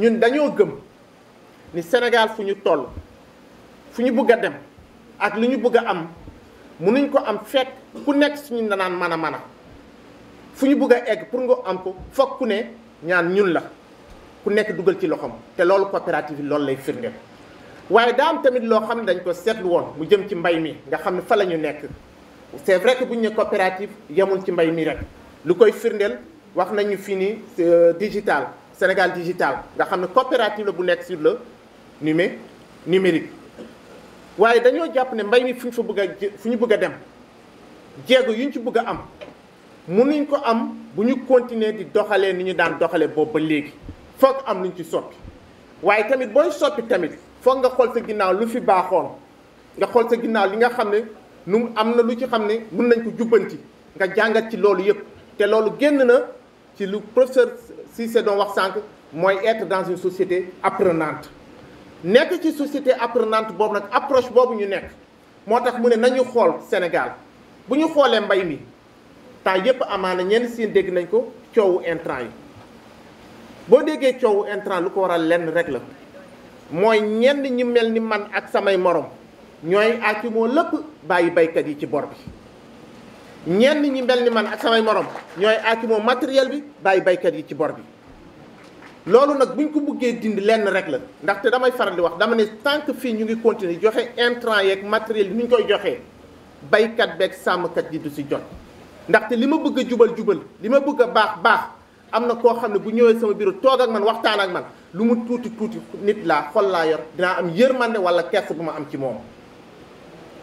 ñun dañoo gëm ni Sénégal fu ñu toll fu ñu bëgg a dem ak lu ñu bëgg a am mënuñ ko am fekk ku nekk suñu naan mën a mën a fu ñu bëgg a egg pour nga am ko foog ne ñaan ñun la ku nekk dugal ci loxoom te loolu coopérative bi loolu lay firndeel waaye daa am tamit loo xam ne dañ ko seetlu woon mu jëm ci mbay mi nga xam ne fa la ñu nekk c'est vrai que bu ñu ne coopérative yemul ci mbay mi rek lu koy firndeel wax nañu fii nii euh, digital Sénégal digital nga xam ne coopérative la bu nekk sur la numé numérique waaye dañoo jàpp ne mbay mi fu ñu fa bëgg a fu ñu bëgg a dem jéego yu ñu ci bëgg a am mënuñ ko am bu ñu continuer di doxalee ni ñu daan doxalee boobu ba léegi foog am lu ñu ci soppi waaye tamit booy soppi tamit foog nga xool sa ginnaaw lu fi baaxoon nga xool sa ginnaaw li nga xam ne nu am na lu ci xam ne mun nañ ko jubbanti nga jàngat ci loolu yëpp te loolu génn na ci lu professeur si c'est doon wax sànq mooy être dans une société apprenante nekk ci société apprenante boobu nag approche boobu ñu nekk moo tax mu ne nañu xool Sénégal bu ñu xoolee mbay mi temps yépp amaana ñenn si dégg nañ ko coowu intrant yi boo déggee coowu intrant lu ko waral lenn rek la mooy ñenn ñi mel ni man ak samay morom ñooy àcc moo lépp bàyyi baykat yi ci bor bi ñenn ñi mel ni man ak samay morom ñooy aakimoo matériel bi bàyyi baykat yi ci bor bi loolu nag buñ ko buggee dindi lenn rek la ndaxte damay faral di wax dama ne tant fii ñu ngi continuer joxe intrant yeeg matériel yi ñu koy joxee baykat beeg sàmmkat yi du si jot ndaxte li ma bëgg a jubal jubal li ma bëgg a baax baax am na koo xam ne bu ñëwee sama bureau toog ak man waxtaan ak man lu mu tuuti tuuti nit laa xol laa yor dinaa am yërmande wala kersa bu ma am ci moom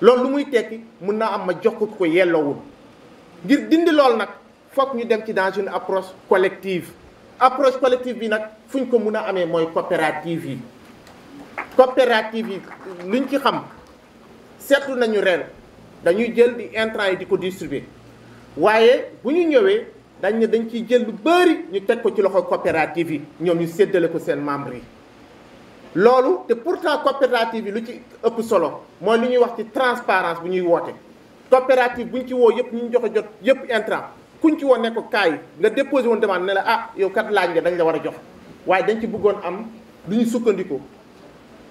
loolu lu muy tekki mun naa am ma jox ko ko yelloowul ngir dindi lool nag foog ñu dem ci dans une approche collective approche collective bi nag fu ñu ko mun a amee mooy coopérative yi coopérative yi luñ ci xam seetlu nañu ren dañuy jël di intrant yi di ko distribuer waaye bu ñu ñëwee dañ ne dañ ciy jël lu bëri ñu teg ko ci loxo coopérative yi ñoom ñu séddale ko seen membre yi loolu te pourtant coopérative yi lu ci ëpp solo mooy lu ñuy wax ci transparence bu ñuy woote coopérative bu ñu ci woo yëpp ñu joxe jot yëpp ku kuñ ci woo ne ko kaay nga déposé woon demande ne la ah yow kat laaj nga dañ war a jox waaye dañ ci bëggoon am lu ñu sukkandiku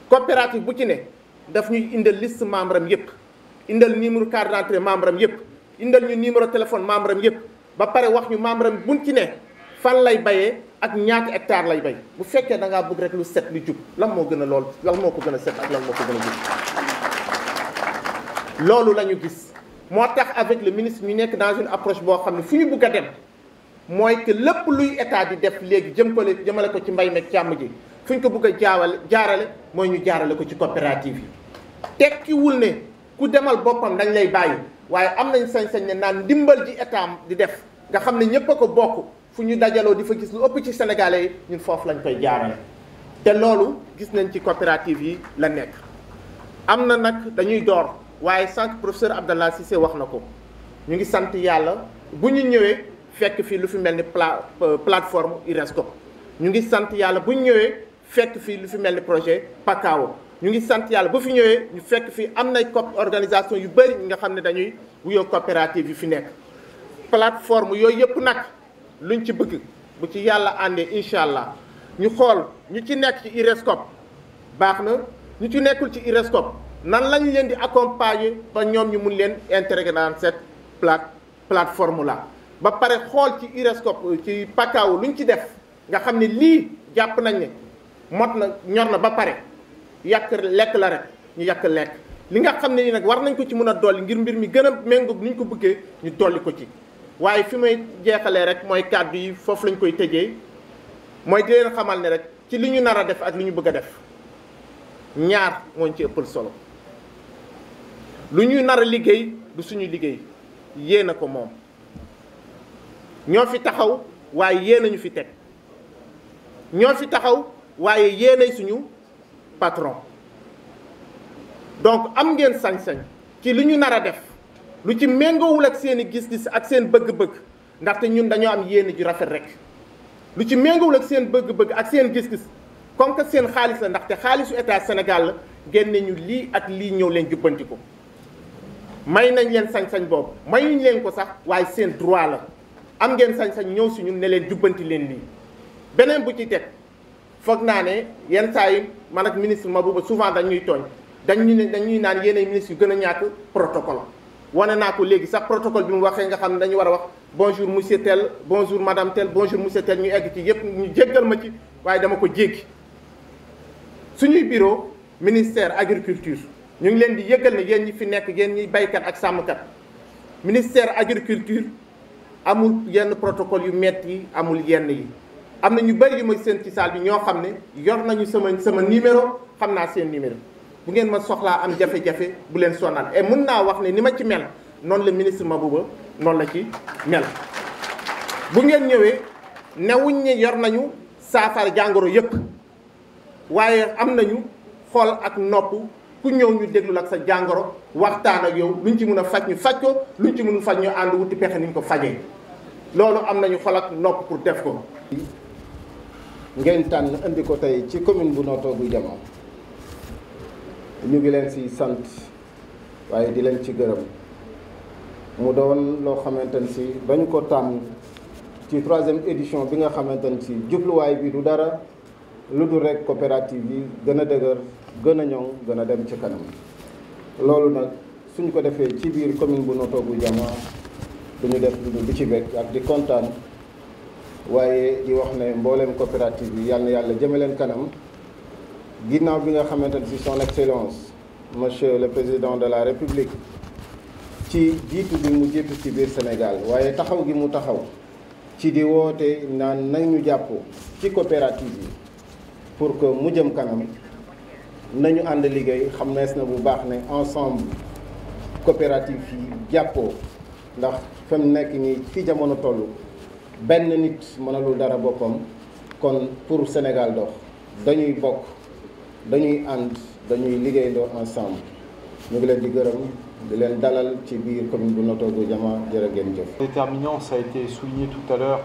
coopérative bu ci ne daf ñuy indal liste membre am yëpp indal numéro carte d'entrée membre am yëpp indal ñu numéro téléphone membre am yëpp ba pare wax ñu membre am buñ ci ne fan lay bayee ak ñaati hectare lay bay bu fekkee da ngaa bëgg rek lu set lu jub lan moo gën a lool lan moo ko gën a set ak lan ko gën a jub loolu gis moo tax avec le ministre ñu nekk dans une approche boo xam ne fu ñu bugg a dem mooy que lépp luy état di def léegi jëm ko jëmale ko ci mbay meeg càmm ji fu ñu ko bugg a jaawale jaarale mooy ñu jaarale ko ci coopérative yi tekkiwul ne ku demal boppam dañ lay bàyyi waaye am nañ sañ-sañ ne naan ndimbal ji état di def nga xam ne ñëpp a ko bokk fu ñu dajaloo di fa gis lu ëpp ci sénégalais yi ñun foofu lañ koy jaarale te loolu gis nañ ci coopérative yi la nekk am na nag dañuy door waaye sànq professeur Abdallah Cissé wax na ko ñu ngi sant yàlla bu ñu ñëwee fekk fii lu fi mel ni pla euh, plateforme IRESCOP ñu ngi sant yàlla bu ñu ñëwee fekk fii lu fi mel ni projet PACAO ñu ngi sant yàlla bu fi ñëwee ñu fekk fii am na co organisation yu bëri ñi nga xam ne dañuy wuyoo coopérative yu fi nekk plateforme yooyu yëpp nag luñ ci bëgg bu ci yàlla àndee incha allah ñu xool ñu ci nekk ci IRESCOP baax na ñu ci nekkul ci IRESCOP nan lañ leen di accompagner ba ñoom ñu mun leen intégrer set cette plate plateforme ba pare xool ci IRESCOP ci pakaaw lu ñu ci def nga xam ne lii jàpp nañ ne mot na ñor na ba pare yàq lekk la rek ñu yàq lekk li nga xam ne ni nag war nañ ko ci mën a dolli ngir mbir mi gën a méngoog ni ñu ko bëggee ñu dolli ko ci waaye fi may jeexalee rek mooy kàddu yi foofu lañ koy tëjee mooy di leen xamal ne rek ci li ñu nar a def ak li ñu bëgg a def ñaar mooñ ci solo lu ñuy nar a liggéey du suñu liggéey yéen a ko moom ñoo fi taxaw waaye yéen a ñu fi teg ñoo fi taxaw waaye yéenay suñu patron donc am ngeen sañ-sañ ci li ñuy nar a def lu ci méngoowul ak seeni gis-gis ak seen bëgg-bëgg ndaxte ñun dañoo am yéene ju rafet rek lu ci méngoowul ak seen bëgg-bëgg ak seen gis-gis comme que seen xaalis la ndaxte xaalisu état senegal la génne ñu lii ak lii ñëw leen jubbanti ko may nañ leen sañ-sañ boobu mayuñ leen ko sax waaye seen droit la am ngeen sañ-sañ ñëw si ñun ne leen jubbanti leen lii beneen bu ci teg foog naa ne yenn saa yi man ak ministre Mabouba souvent dañuy tooñ dañu ne dañuy naan yeneen ministre yu gën a ñàkk protocole wane naa ko léegi sax protocole bi mu waxee nga xam ne dañu war a wax bonjour monsieur tel bonjour madame tel bonjour monsieur tel ñu egg ci yëpp ñu jéggal ma ci waaye dama ko jéggi suñuy bureau ministère agriculture ñu ngi leen di yëgal ne yéen ñi fi nekk yéen ñi baykat ak sàmmkat ministère agriculture amul yenn protocole yu metti amul yenn yi am na ñu bëri yu may seen ci saal bi ñoo xam ne yor nañu sama sama numéro xam naa seen numéro bu ngeen ma soxlaa am jafe-jafe bu leen sonal et mun naa wax ne ni ma ci mel noonu la ministre Mabouba noonu la ci mel bu ngeen ñëwee newuñ ne yor nañu saafara jàngoro yëpp waaye am nañu xool ak nopp ku ñëw ñu déglu ak sa jàngoro waxtaan ak yow luñ ci mun a faj ñu faj ko luñ ci mënul faj ñu ànd wuti pexe niñ ko fajee loolu am nañu xol ak nopp pour def ko. ngeen tànn indi ko tey ci commune bu Notto Gouye Diama ñu ngi leen si sant waaye di leen ci gërëm mu doon loo xamante ne si bañ ko tàmm ci troisième édition bi nga xamante ne si jubluwaay bi du dara lu dul rek coopérative yi gën a dëgër. gën a ñoŋ gën a dem ci kanam loolu nag suñ ko defee ci biir commune bu Notto Gouye Diama ñu def lu du ci bég ak di kontaan waaye di wax ne mbooleem coopérative yi yàlla yàlla jëme leen kanam ginnaaw bi nga xamante ne si son excellence monsieur le président de la république ci jiitu bi mu jiitu ci biir Sénégal waaye taxaw gi mu taxaw ci di woote naan nañu jàpp ci coopérative yi pour que mu jëm kanam nañu ànd liggéey xam nees na bu baax ne ensemble coopérative yi jàppoo ndax fam nekk nii fi jamono toll benn nit mënalul dara boppam kon pour Sénégal dox dañuy bokk dañuy ànd dañuy liggéey liggéeyandoo ensemble ñu ngi leen di gërëm di leen dalal ci biir commune bu Notto Goudiama jërë ngeen jëf. Déterminant, ça a été souligné tout à l'heure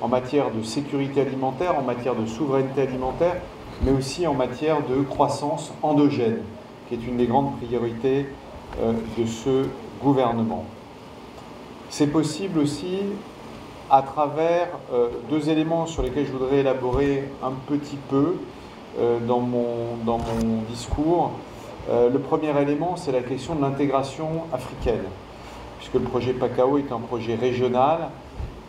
en matière de sécurité alimentaire, en matière de souveraineté alimentaire. mais aussi en matière de croissance endogène, qui est une des grandes priorités euh, de ce gouvernement. C'est possible aussi à travers euh, deux éléments sur lesquels je voudrais élaborer un petit peu euh, dans, mon, dans mon discours. Euh, le premier élément, c'est la question de l'intégration africaine, puisque le projet PACAO est un projet régional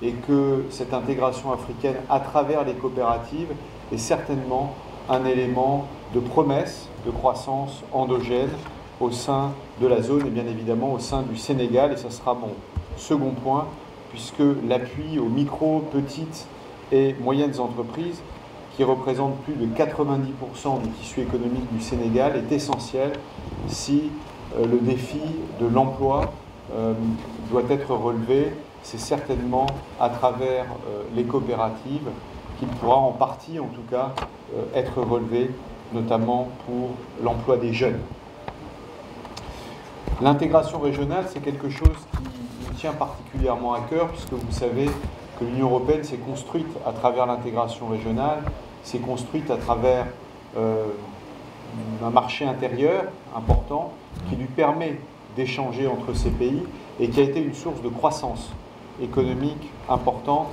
et que cette intégration africaine à travers les coopératives est certainement un élément de promesse de croissance endogène au sein de la zone et bien évidemment au sein Sénégal. Et ça sera mon second point, puisque l'appui aux micro, petites et moyennes entreprises, qui représentent plus de 90% du tissu économique du Sénégal, est si euh, de l'emploi euh, doit être relevé. C'est certainement à travers euh, qui pourra en partie, en tout cas, euh, être relevé, notamment pour l'emploi des jeunes. L'intégration régionale, c'est quelque chose qui nous tient particulièrement à cœur, puisque vous savez que l'Union européenne s'est construite à travers l'intégration régionale, s'est construite à travers euh, un marché intérieur important qui lui permet d'échanger entre ces pays et qui a été une source de croissance économique importante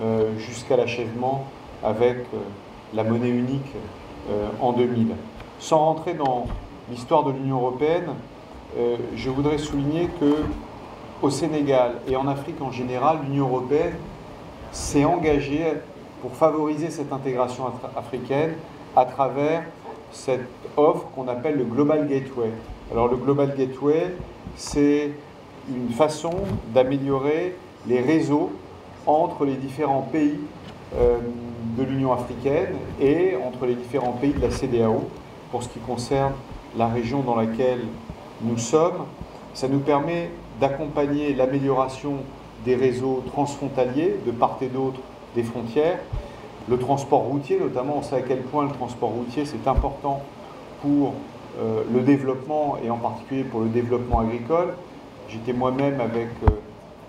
Euh, jusqu'à l'achèvement avec euh, la monnaie unique euh, en Sans rentrer dans l'histoire de l'Union européenne, je voudrais souligner que au Sénégal et en Afrique en général, l'Union européenne s'est engagée pour favoriser cette intégration africaine à travers cette offre qu'on appelle le Global Gateway. Alors le Global Gateway, c'est une façon d'améliorer les réseaux entre les différents pays euh, de l'Union africaine et entre les différents pays de la CDAO pour ce qui concerne la région dans laquelle nous sommes. Ça nous permet d'accompagner l'amélioration des réseaux transfrontaliers de part et d'autre des frontières, le transport routier notamment, on sait à quel point le transport routier c'est important pour euh, le développement et en particulier pour le développement agricole. J'étais moi-même avec euh,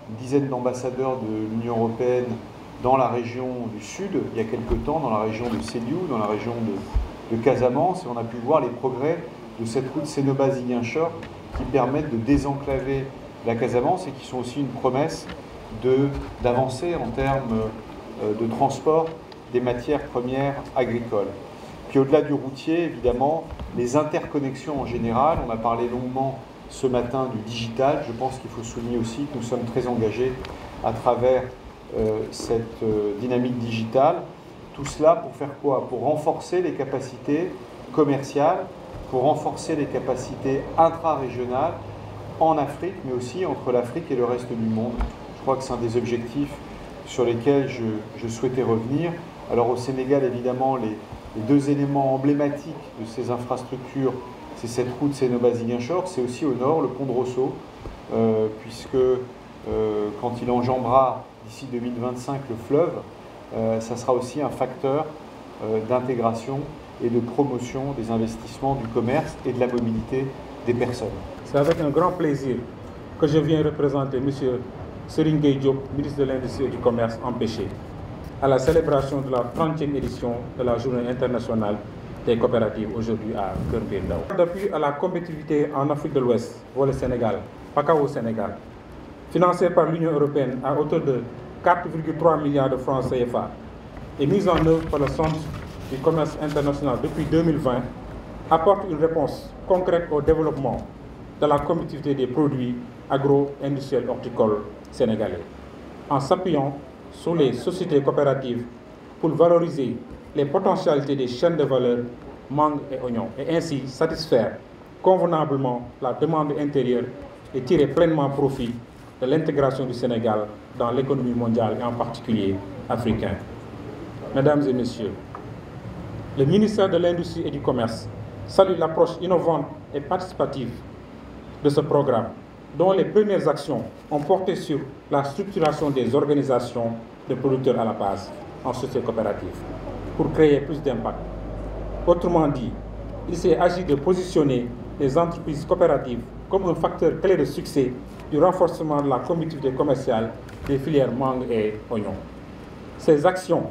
une dizaine d'ambassadeurs de l'Union européenne dans la région du Sud, il y a quelque temps, dans la région de Sédiou, dans la région de, Casamance, et on a pu voir les progrès de cette route Sénoba-Ziguinchor qui permettent de désenclaver la Casamance et qui sont aussi une promesse d'avancée en termes euh, de transport des matières premières agricoles. Puis au-delà du routier, évidemment, les interconnexions en général, on a parlé longuement ce matin du digital. Je pense qu'il faut souligner aussi que nous sommes très engagés à travers euh, cette euh, dynamique digitale. Tout cela pour faire quoi Pour renforcer les capacités commerciales, pour renforcer les capacités intra en Afrique, mais aussi entre l'Afrique et le reste du monde. Je crois que c'est un des objectifs sur lesquels je, souhaitais revenir. au Sénégal, évidemment, les deux éléments emblématiques de ces infrastructures c'est cette route Sénobas-Ziguinchor, c'est aussi au nord le pont de Rosso, euh, puisque euh, quand le fleuve, euh, ça sera facteur euh, d'intégration et de des investissements, du commerce et de la mobilité des personnes. C'est avec un grand plaisir que je viens à la célébration de la 30e de la Journée internationale des coopératives aujourd'hui à Cœur D'appui à la compétitivité en Afrique de l'Ouest, pour le Sénégal, PACAO Sénégal, financé par l'Union européenne à hauteur de 4,3 milliards de francs CFA et mise en œuvre par le Centre du commerce international depuis 2020, apporte une réponse concrète au développement de la compétitivité des produits agro-industriels horticoles sénégalais, en s'appuyant sur les sociétés coopératives pour valoriser les potentialités des chaînes de valeur mangue et oignon et ainsi satisfaire convenablement la demande intérieure et tirer pleinement profit de l'intégration du Sénégal dans l'économie mondiale et en particulier africaine. Mesdames et messieurs, le ministère de l'Industrie et du Commerce salue l'approche innovante et participative de ce programme, dont les premières actions ont porté sur la structuration des organisations de producteurs à la base en société coopérative. pour créer plus d'impact. Autrement dit, il s'est agi de positionner les entreprises coopératives comme un facteur clé de succès du renforcement de la compétitivité commerciale des filières mangue et oignon. Ces actions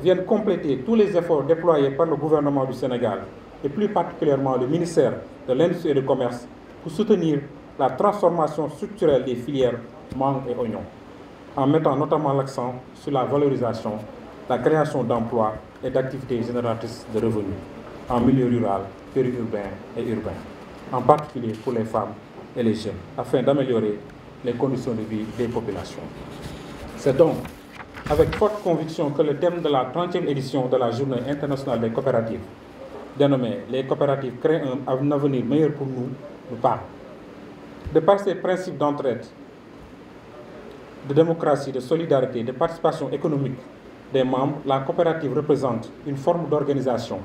viennent compléter tous les efforts déployés par le gouvernement du Sénégal et plus particulièrement le ministère de l'Industrie et du Commerce pour soutenir la transformation structurelle des filières mangue et oignon, en mettant notamment l'accent sur la valorisation, la création d'emplois et d'activités génératrices de revenus en milieu rural, périurbain et urbain, en particulier pour les femmes et les jeunes, afin d'améliorer les conditions de vie des populations. C'est donc avec forte conviction que le thème de la 30e édition de la Journée internationale des coopératives, dénommée Les coopératives créent un avenir meilleur pour nous, nous parle. De par ses principes d'entraide, de démocratie, de solidarité, de participation économique, des membres, la coopérative représente une forme d'organisation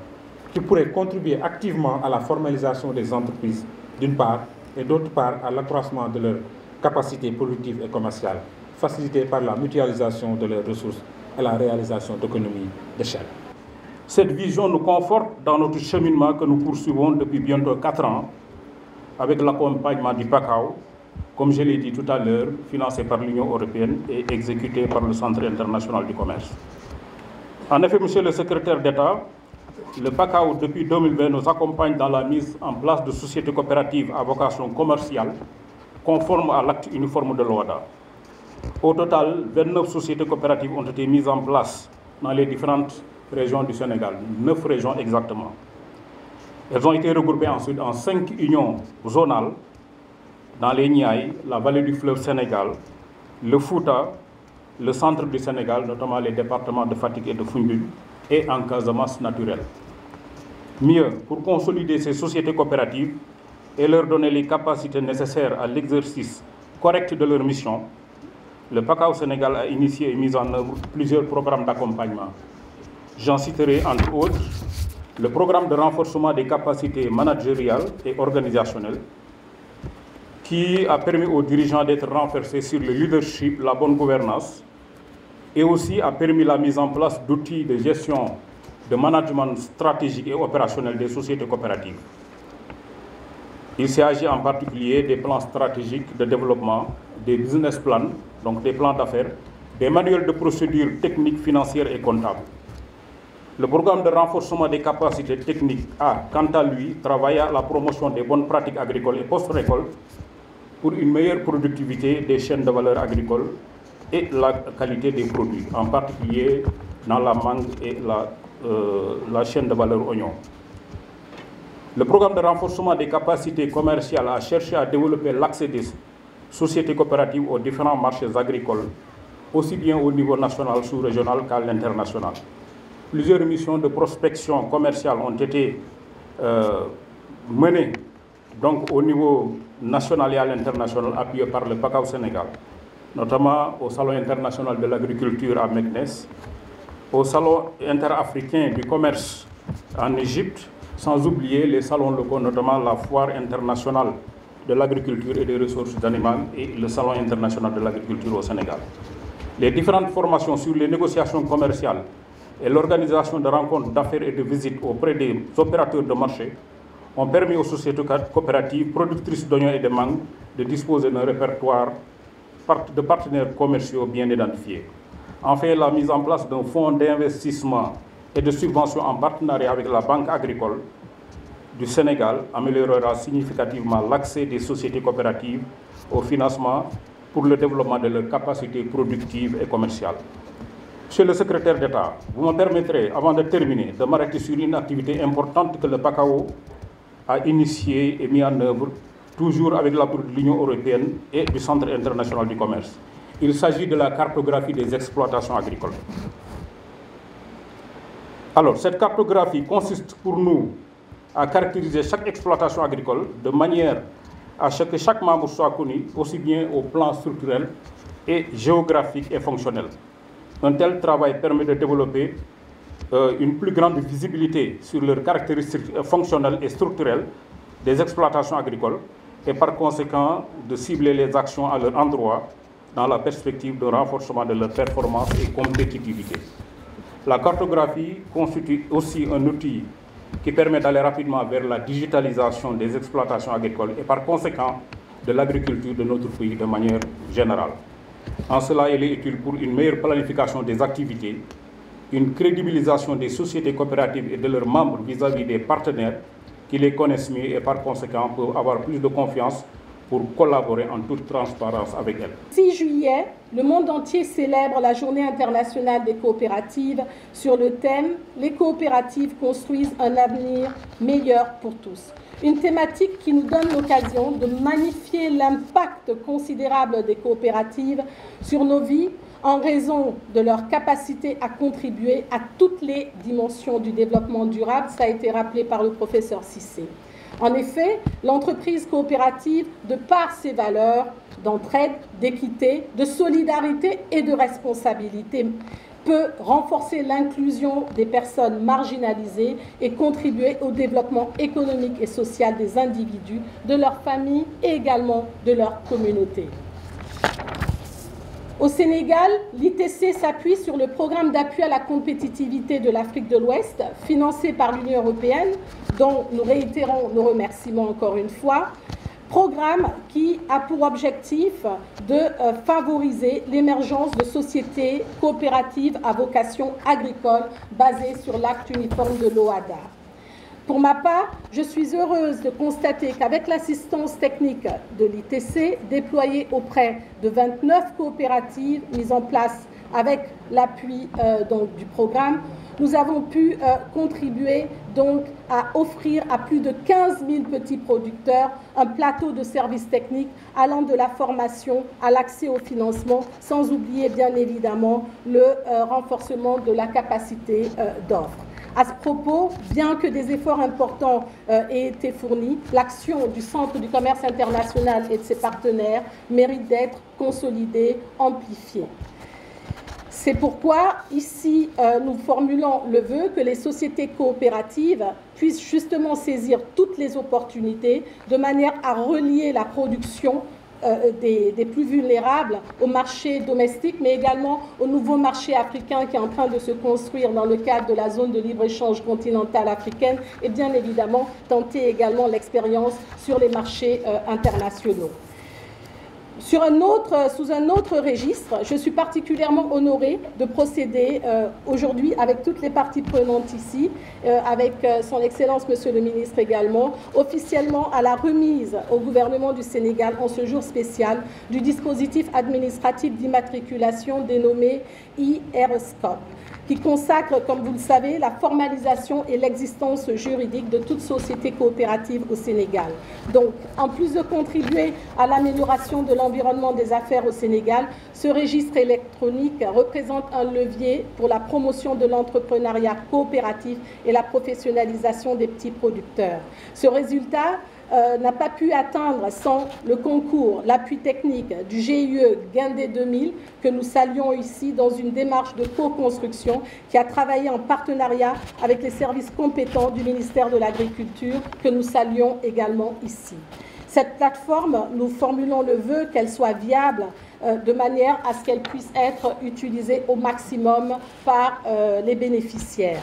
qui pourrait contribuer activement à la formalisation des entreprises, d'une part, et d'autre part à l'accroissement de leurs capacités productives et commerciales, facilitées par la mutualisation de leurs ressources et la réalisation d'économies d'échelle. Cette vision nous conforte dans notre cheminement que nous poursuivons depuis bientôt 4 ans avec l'accompagnement du PACAO, comme je l'ai dit tout à l'heure, financé par l'Union européenne et exécuté par le Centre international du commerce. le secrétaire d'État, le BACAO depuis 2020 la mise en place de sociétés coopératives vocation commerciale conformes à l'acte uniforme de l'OADA. Au total, 29 sociétés coopératives ont été mises en place dans les différentes régions du Sénégal, 9 régions exactement. Elles ont été regroupées ensuite en 5 unions zonales dans les Niayes, la vallée du fleuve Sénégal, le Fouta, le centre du Sénégal, notamment les départements de Fatigue et de Foundiougne, et en Casamance naturelle. Mieux, pour consolider ces sociétés coopératives et leur donner les capacités nécessaires à l'exercice correct de leur mission, le PACAO Sénégal a initié et mis en œuvre plusieurs programmes d'accompagnement. J'en citerai entre autres le programme de renforcement des capacités managériales et organisationnelles qui a permis aux dirigeants d'être renforcés sur le leadership, la bonne gouvernance, et aussi a permis la mise en place d'outils de gestion, de management stratégique et opérationnel des sociétés coopératives. Il s'agit en particulier des plans stratégiques de développement, des business plans, donc des plans d'affaires, des manuels de procédures techniques, financières et comptables. Le programme de renforcement des capacités techniques a, quant à lui, travaillé à la promotion des bonnes pratiques agricoles et post-récolte pour une meilleure productivité des chaînes de valeur agricole et la qualité des produits, en particulier dans la mangue et la, euh, la chaîne de valeur oignon. Le programme de renforcement des capacités commerciales a cherché à développer l'accès des sociétés coopératives aux différents marchés agricoles, aussi bien au niveau national, sous-régional qu'à l'international. Plusieurs missions de prospection commerciale ont été euh, menées donc, au niveau national et à l'international appuyé par le PACA au Sénégal, notamment au Salon international de l'agriculture à Meknes, au Salon interafricain du commerce en Égypte, sans oublier les salons locaux, notamment la Foire internationale de l'agriculture et des ressources animales et le Salon international de l'agriculture au Sénégal. Les différentes formations sur les négociations commerciales et l'organisation de rencontres d'affaires et de visites auprès des opérateurs de marché ont permis aux sociétés coopératives productrices d'oignons et de mangue de disposer d'un répertoire de partenaires commerciaux bien identifiés. Enfin, la mise en place d'un fonds d'investissement et de subvention en partenariat avec la Banque agricole du Sénégal améliorera significativement l'accès des sociétés coopératives au financement pour le développement de leurs capacités productives et commerciales. Monsieur le secrétaire d'État, vous me permettrez, avant de terminer, de activité importante que PACAO a initié et mis en œuvre, toujours avec l'appui de l'Union européenne et du Centre international du commerce. Il s'agit de la cartographie des exploitations agricoles. Alors, cette cartographie consiste pour nous à caractériser chaque exploitation agricole de manière à ce que chaque membre soit connu, aussi bien au plan structurel et géographique et fonctionnel. Un tel travail permet de développer Euh, une plus grande visibilité sur leurs caractéristiques euh, fonctionnelles et structurelles des exploitations agricoles et par conséquent de cibler les actions à leur endroit dans la perspective de renforcement de leur performance et compétitivité. La cartographie constitue aussi un outil qui permet d'aller rapidement vers la digitalisation des exploitations agricoles et par conséquent de l'agriculture de notre pays de manière générale. En cela, elle est pour une meilleure planification des activités une crédibilisation des sociétés coopératives et de leurs membres vis-à-vis -vis des partenaires qui les connaissent mieux et par conséquent peuvent avoir plus de confiance pour collaborer en toute transparence avec elles. 6 juillet, le monde entier célèbre la Journée internationale des coopératives sur le thème Les coopératives construisent un avenir meilleur pour tous. Une thématique qui nous donne l'occasion de magnifier l'impact considérable des coopératives sur nos en raison de leur capacité à contribuer à toutes les dimensions du développement durable. Ça a été rappelé par le professeur Cissé. En effet, l'entreprise coopérative, de par ses valeurs d'entraide, d'équité, de solidarité et de responsabilité, peut renforcer l'inclusion des personnes marginalisées et contribuer au développement économique et social des individus, de leurs familles et également de leur communauté. Au Sénégal, l'ITC s'appuie sur le programme d'appui à la compétitivité de l'Afrique de l'Ouest, financé par l'Union européenne, dont nous réitérons nos remerciements encore une fois, programme qui a pour objectif de euh, favoriser l'émergence de sociétés coopératives à vocation agricole basées sur l'acte uniforme de l'OADA. Pour ma part, je suis heureuse de constater qu'avec l'assistance technique de l'ITC déployée auprès de 29 coopératives mises en place avec l'appui euh, du programme, nous avons euh, donc à offrir à de 15 000 petits producteurs un plateau de services techniques allant de la formation à l'accès au le euh, renforcement de la capacité euh, À ce propos, bien que des efforts importants euh, aient été fournis, l'action du Centre du commerce international et de ses partenaires mérite d'être consolidée, amplifiée. C'est pourquoi ici, euh, nous formulons le vœu que les sociétés coopératives puissent justement saisir toutes les opportunités de manière à relier la production Euh, des, des, plus vulnérables au marché domestique, mais également au nouveau marché africain qui est en train de se construire dans le cadre de la zone de libre-échange continentale africaine et bien évidemment tenter également l'expérience sur les marchés euh, internationaux. Sur un autre, euh, sous un autre registre, je suis particulièrement honorée de procéder euh, aujourd'hui avec toutes les parties prenantes ici, euh, avec euh, son Excellence Monsieur le Ministre également, officiellement à la remise au gouvernement du Sénégal en ce jour spécial du dispositif administratif d'immatriculation dénommé IRSCOP. qui consacre, comme vous le savez, la formalisation et l'existence juridique de toute société coopérative au Sénégal. Donc, en plus de contribuer à l'amélioration de l'environnement des affaires au Sénégal, ce registre électronique représente un levier pour la promotion de l'entrepreneuriat coopératif et la professionnalisation des petits producteurs. Ce résultat euh, n'a pas pu atteindre sans le concours, l'appui technique du GIE Guindé 2000, que nous saluons ici dans une démarche de co-construction qui a travaillé en partenariat avec les services compétents du ministère de l'Agriculture, que nous saluons également ici. Cette plateforme, nous formulons le vœu qu'elle soit viable euh, de manière à ce qu'elle puisse être utilisée au maximum par euh, les bénéficiaires.